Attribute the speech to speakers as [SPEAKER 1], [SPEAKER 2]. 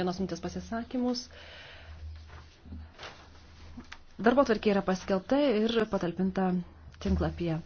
[SPEAKER 1] vienos mintis pasisakymus. Darbo tvarkė yra paskelbta ir patalpinta tinklapyje.